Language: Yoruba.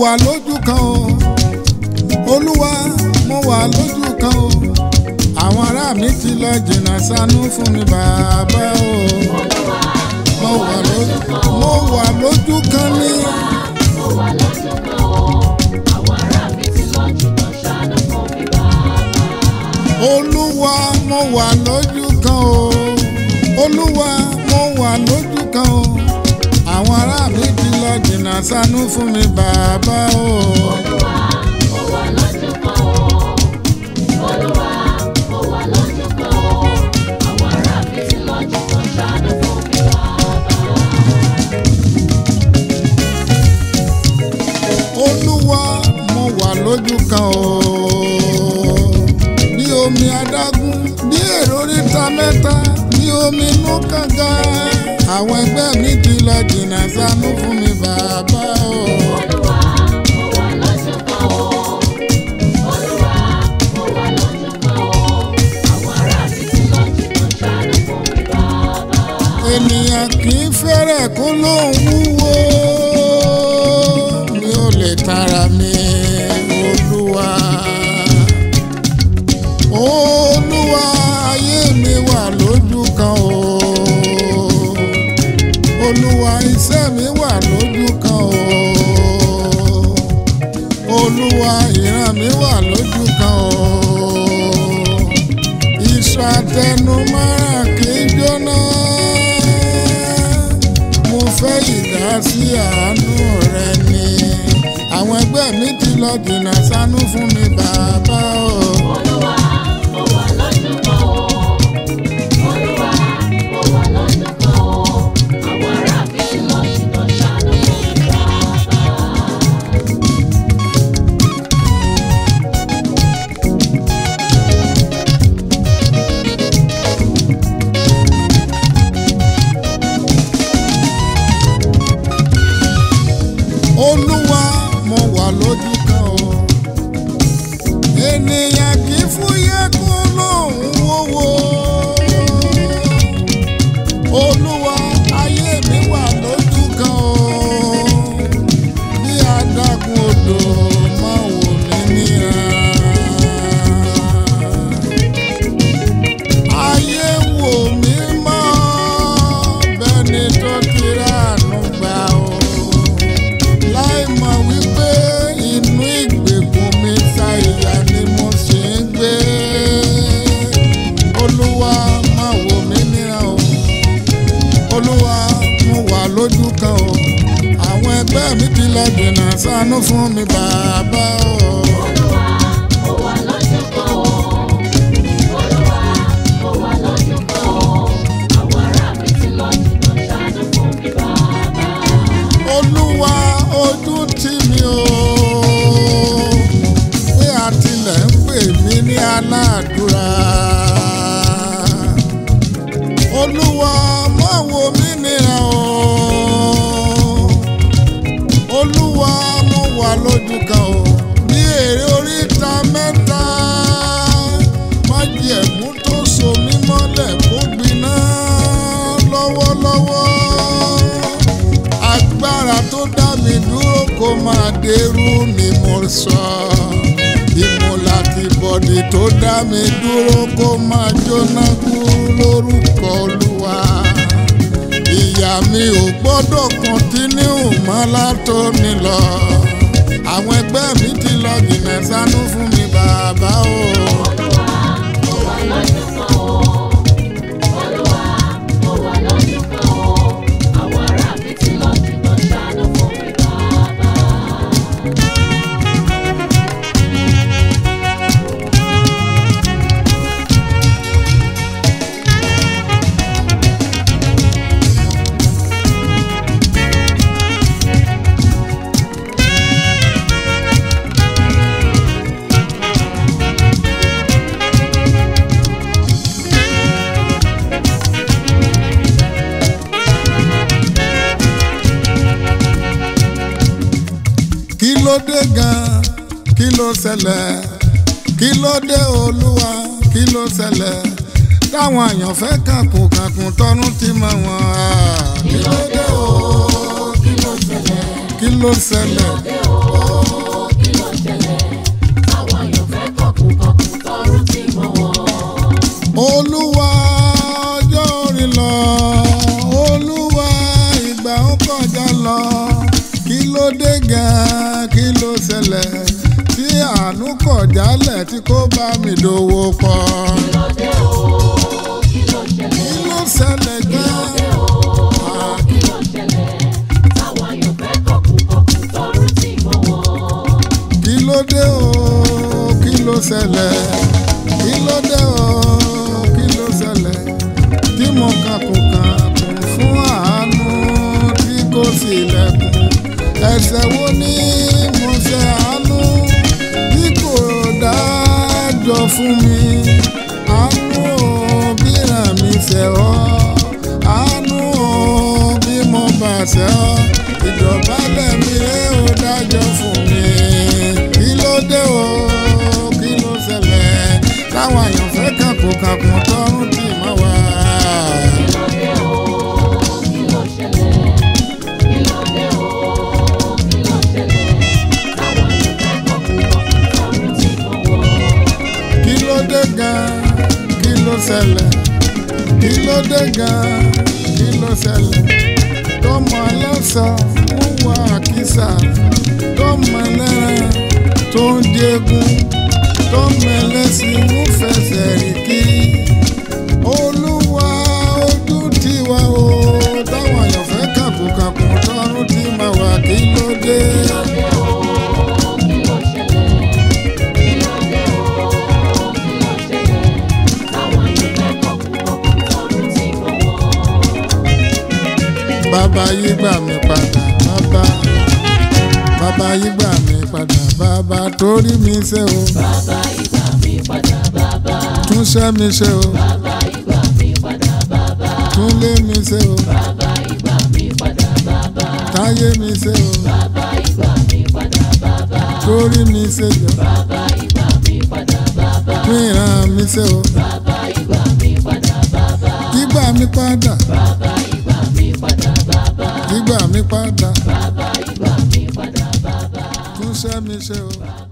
wà lójú kan o olúwa mo wà lójú kan o àwọn ará mi ti lọ jìnnà sánú fún mi bàbá o mo wà lójú mo wà lójú kan ní. mo wà lójú kan o àwọn ará mi ti lọ olúwa mo wà lójú kan o olúwa mo wà lójú kan o àwọn ará jìnnà sánú fún mi bàbá o. Olúwa ó wà lójú kan o. Olúwa ó wà lójú kan o. Àwọn ará mi ti lójú kan mi bàbá. Olúwa mo wà lójú kan o. Bí omi adágún, bí èrò oríta mẹ́ta, bí omi inú kànga àwọn ẹgbẹ́ mi ti lọ jìnnà sánú fún mi bàbá o. olúwa mo wà lọ́jọ́ kan o olúwa mo wà lọ́jọ́ kan o àwọn ènìyàn kì í fẹ́rẹ̀ kó lóun wúwo. plug in àṣánú fún mi bàbá o. olúwa olúwa mo wà lójú kan o àwọn ẹgbẹ́ mi ti lọ dènà ṣàánú fún mi bàbá o. olúwa dẹrú ni mo sọ ìmúlá ti bọ̀dì tó dá mi dúró kó máa jóná kú lórúkọ olúwa ìyá mi ò gbọ́dọ̀ kọ́ntínú mọ́ látòní lọ àwọn ẹgbẹ́ mi ti lọ jìnnà sánú fún mi bàbá o. ló dé gan kí ló ṣẹlẹ̀ kí ló dé olúwa kí ló ṣẹlẹ̀ táwọn èèyàn fẹ́ kàkùn kàkùn tọ́nu ti mọ̀ wọ́n. kí ló dé o kí ló ṣẹlẹ̀ kí ló ṣẹlẹ̀. gan kí ló ṣẹlẹ̀ tí àánú kọ̀ jálẹ̀ tí kò bá mi dòwò pọ̀. kí ló ṣẹlẹ̀ gan. kí ló ṣẹlẹ̀ táwọn ayọ̀ fẹ́ kọ̀kùkọ̀kù tọrú tì kí ló dé o kí ló ṣẹlẹ̀ kí o. ẹ̀ṣẹ̀ wo ni mo ṣe àánú bí kò dájọ́ fún mi àánú bí ràn mí ṣe ọ́ àánú bí mo bà ṣe ọ́ ìdọ̀bálẹ̀ mi rè ó dájọ́ fún mi kí ló dé o kí ló ṣẹlẹ̀ káwọn àyànfẹ́ kàkó kàkó tọ́. ṣẹlẹ̀ kí ló dé gan-an kí ló ṣẹlẹ̀ tọmọ ẹlẹ́sàn mú wá àkísà tọmọ ẹlẹ́ran tó ń jẹgun tọmọ ẹlẹ́sìn mú fẹsẹ̀ rìn kiri olúwa ojú tiwa o táwọn àyànfẹ́ kàkùkàkù tọrún ti máa wà kí ló dé. bàbá yí gbà mí padà bàbá bàbá yí gbà mí padà bàbá torí mi ṣe o. bàbá yí gbà mí padà bàbá. túnṣe mi ṣe o. bàbá yí gbà mí padà bàbá. túnlé mi ṣe o. bàbá yí gbà mí padà bàbá. táyé mi ṣe o. bàbá yí gbà mí padà bàbá. torí mi ṣe jọ. bàbá yí gbà mí padà bàbá. fún ìran mi ṣe o. bàbá yí gbà mí padà bàbá. yí gbà mí padà. bàbá ìgbà mi padà. bàbá ìgbà mi padà bàbá. kúnṣẹ́ mi ṣe o. bàbá.